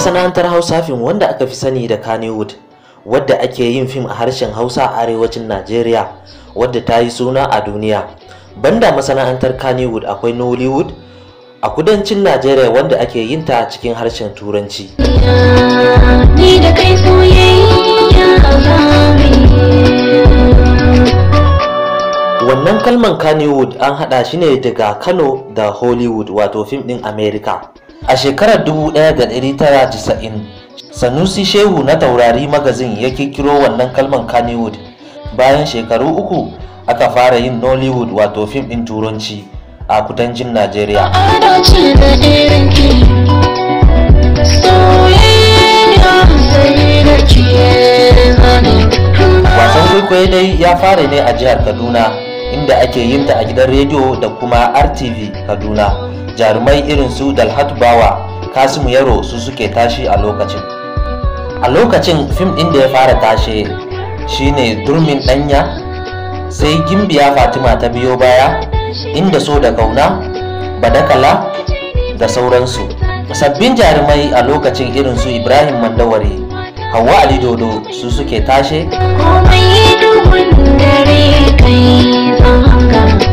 masana'antar hausa fim wanda aka fi sani da kannywood wadda ake yin fim a harshen hausa a arewacin najeriya wadda ta yi suna a duniya banda masana'antar kannywood akwai nollywood a kudancin najeriya wanda ake yin ta cikin harshen turanci wannan kalman kannywood an hada shi ne daga kano da hollywood wato fim din Amerika. A shekarar 1990, Sanusi Shehu na Taurari Magazin ya kirkiro wannan kalman Kannywood. Bayan shekaru uku, aka fara yin Nollywood wato fim ɗin Turanci a kudancin Najeriya. Wasan kwaikwayo dai ya fara ne a jihar Kaduna, inda ake yinta a gidan rediyo da kuma RTV Kaduna. jarumai irin su dalhatu bawa kasimu yaro su suke tashi a lokacin a lokacin fim ɗin da ya fara tashe shine durmin ɗanya sai gimbiya fatima ta biyo baya inda so da kauna badakala da sauransu sabbin jarumai a lokacin irin su ibrahim mandawari hawa ali dodo su suke tashe komai dubin dare kai zanga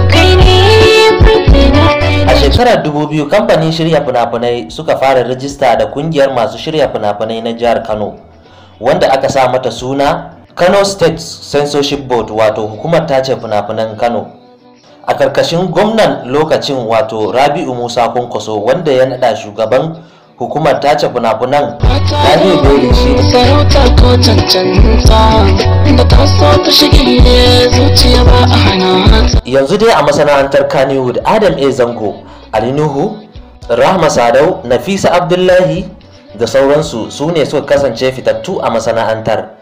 shekarar 2000 kamfanin shirya finafinai suka fara rijista da kungiyar masu shirya finafinai na jihar Kano wanda aka sa mata suna Kano State Censorship Board wato hukumar tace fina Kano. A karkashin gwamnan lokacin wato Rabi'u Musa Kunkoso wanda ya nada shugaban hukumar tace fina-finan shi Yanzu dai a masana'antar Kannywood Adam A. Zango Ali Nuhu, Rahma Sadau, Nafisa Abdullahi da sauransu su ne suka kasance fitattu a masana'antar.